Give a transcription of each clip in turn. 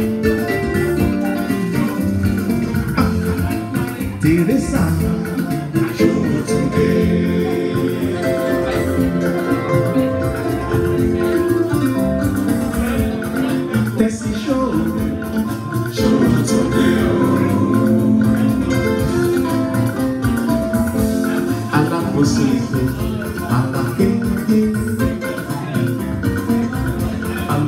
Thank you.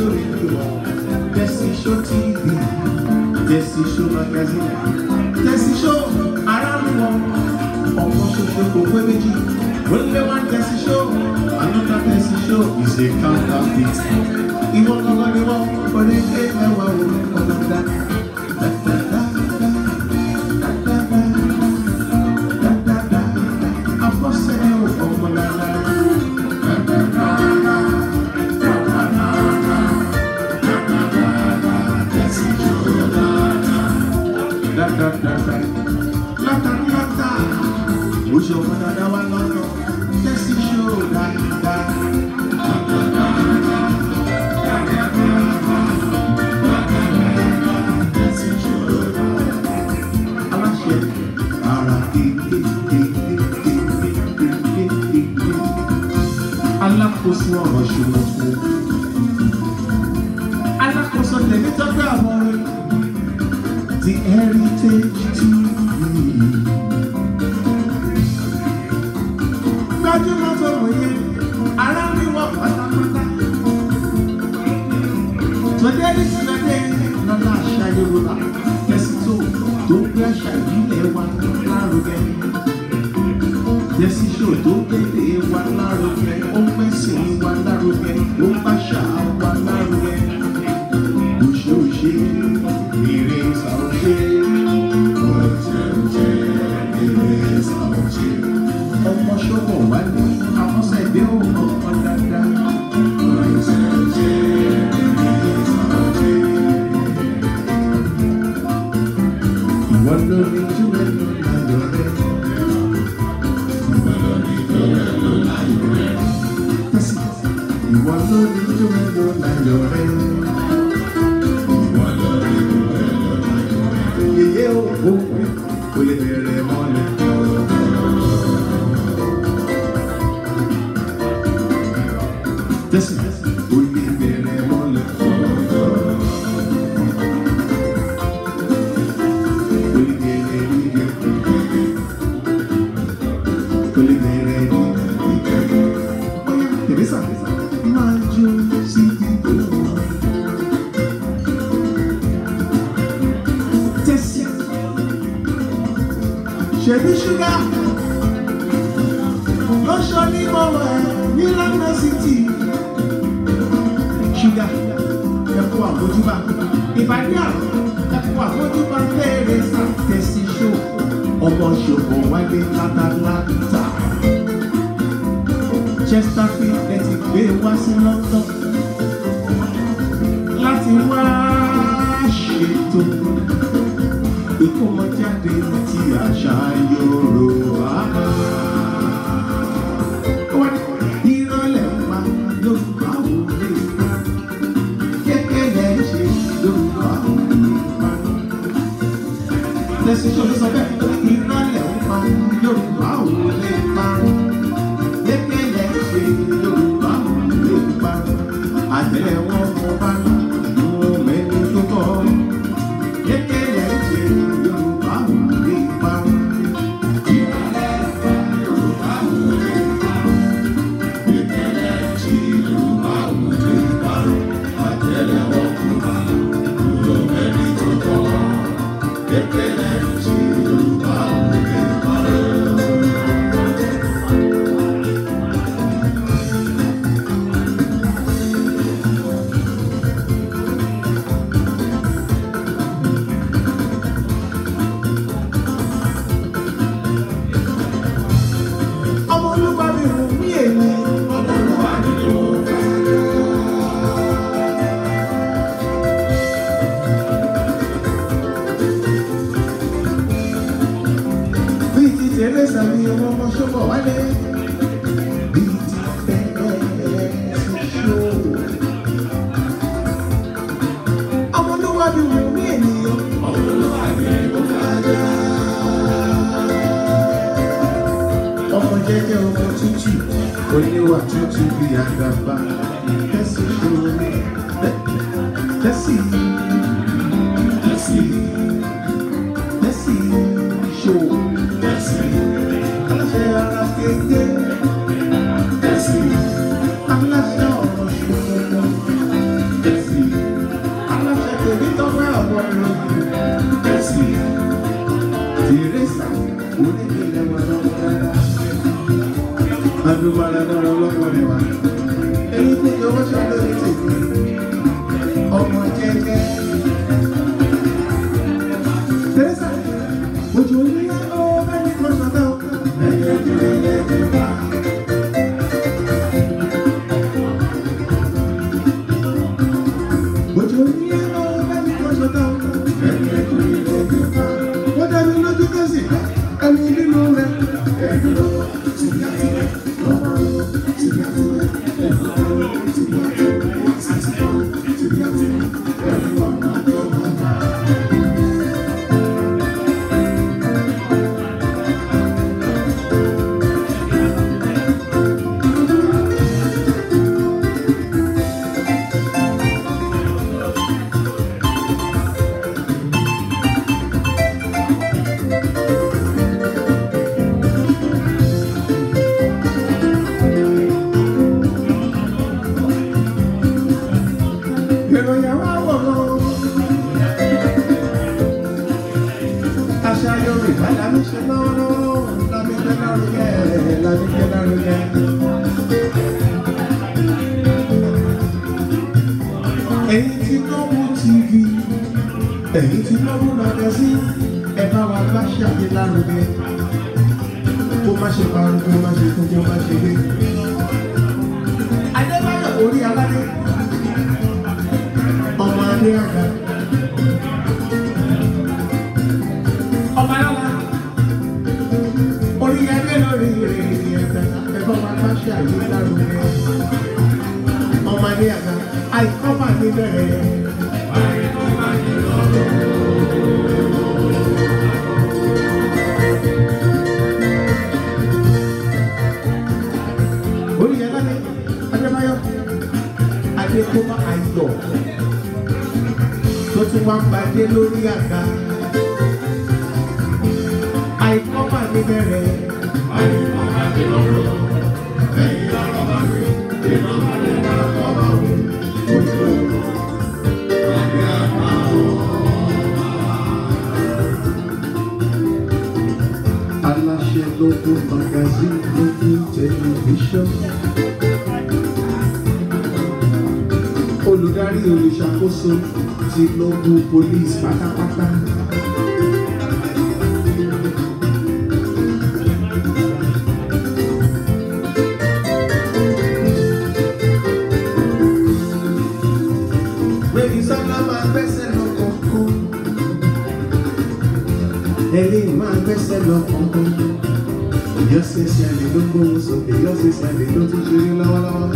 Show Radio, Desi Show TV, Desi Show Magazine, Desi Show around the world. Ọ̀pọ̀ ṣoṣo kò pé méjì, only one Desi Show, another Desi Show is a counterfeit. Ìwọ kankan ni wọ́n kọ́ ní ké mẹ́wàá òun kọ́ náà dá. kó sí ọ̀rọ̀ ṣòro fún alákòóso tèmi tọ́jú àwọn orin the heritage tv gbajúmọ̀ tó wòye ara mi wọ pátápátá tòde ní sinadé lọ́la àṣà yorùbá tẹ̀sítò tó ń gbé àṣà ìbílẹ̀ wa lárugẹ tẹ̀sí dòdò tètè wà lárugẹ ó mẹ́sìn wà lárugẹ ó bàṣà wà lárugẹ. òṣè òṣè èrè ìsà òṣè. ọ̀jẹ̀ ọ̀jẹ̀ èrè ìsà òṣè. ọmọ ṣọ́bọ̀ wá ní amọ́sẹ̀dé òun ọ̀pọ̀ dáadáa. ọ̀jẹ̀ ọ̀jẹ̀ Thank you. on àfojúbà ìbàdí àfojúbà àfojúbà léèrè sàtẹ̀sí ṣó ọmọ ṣòwò wáyé látàlátà Chesterfield ẹ ti gbé wá sí London láti wá ṣètò ìkómọjáde ti àṣà Yorùbá. si to, že sa ọkọ̀ jẹ́jẹ́ ọkọ̀ tútù oníwà tútù bí àdàbà tẹ́sí ṣòro tẹ́sí tẹ́sí tẹ́sí ṣòro tẹ́sí aláṣẹ ara kéde tẹ́sí aláṣẹ ọ̀rọ̀ ṣòro tẹ́sí aláṣẹ tèmi tọ́pẹ́ ọ̀pọ̀ ẹ̀rọ tẹ́sí tìrẹ́sà oníkèlè wa dúpẹ́ you ọlọ́pàá rẹ̀ wá. Èyí tí ìjọba ṣàlàyé ẹ̀yin ti lówó magasin ẹ bá wa bá ṣàgbélárugẹ kó má ṣe parugẹ má ṣe kó kó má ṣe gbé. adébáyọ̀ orí aládé ọmọ adé àgbà. ọmọ ayọ́lá àgbà àìkọ́ bá mi bẹ̀rẹ̀. tó má ayọ̀ tó tún wá ń gbadé lórí àga àìkọ́ mà ní bẹ̀rẹ̀ àìkọ́ mà ní lọ́rọ̀ ẹ̀yìn lọ́rọ̀ bá rí iná má ní lọ́rọ̀ bá rí ojú ọ̀rẹ́ àgbà ọ̀. Aláṣẹ ló kó magazine. ṣoṣo ti lọ́gbù police pátápátá. Gbémisọ́lá máa gbẹ́sẹ̀ lọ́kọ̀ọ̀kan. Ẹ̀lí máa gbẹ́sẹ̀ lọ́kọ̀ọ̀kan. Ìyọ́sẹ̀ ṣẹlẹ̀ ló gbóhùn sókè, ìyọ́sẹ̀ ṣẹlẹ̀ ló tún ṣe rí lọ́wọ́lọ́wọ́.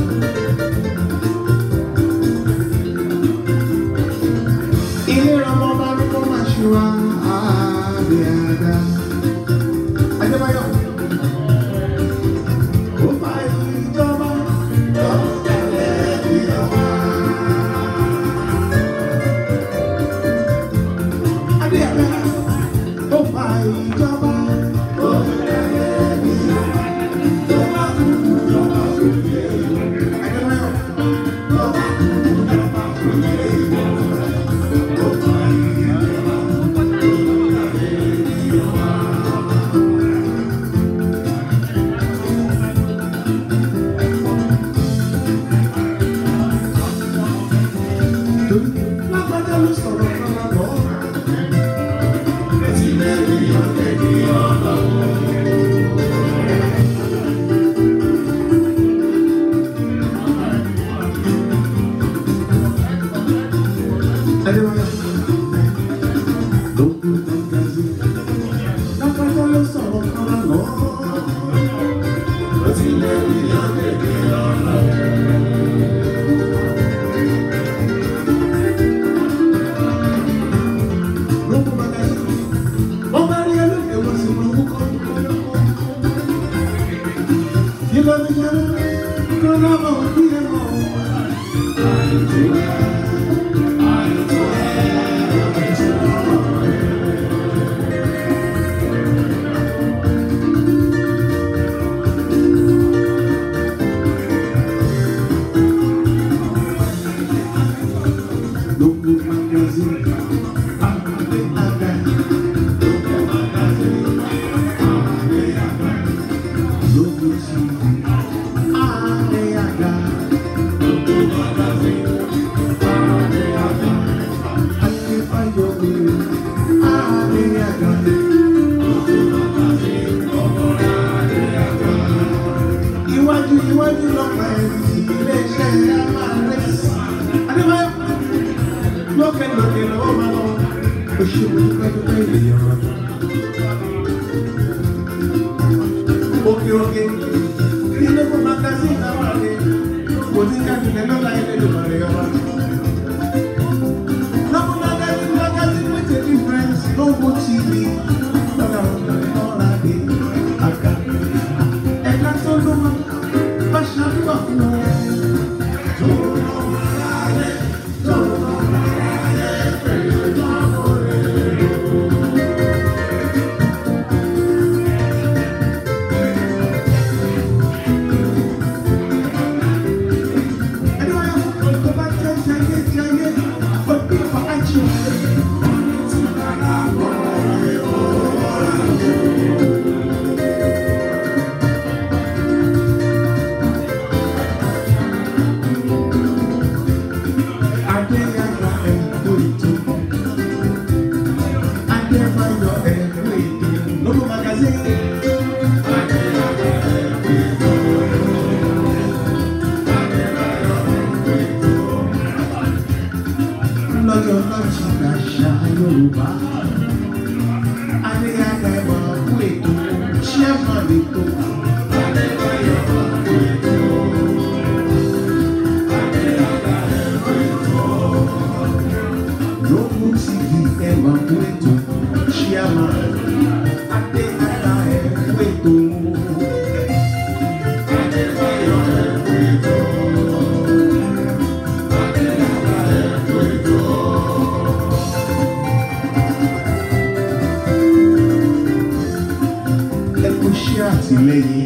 Amen.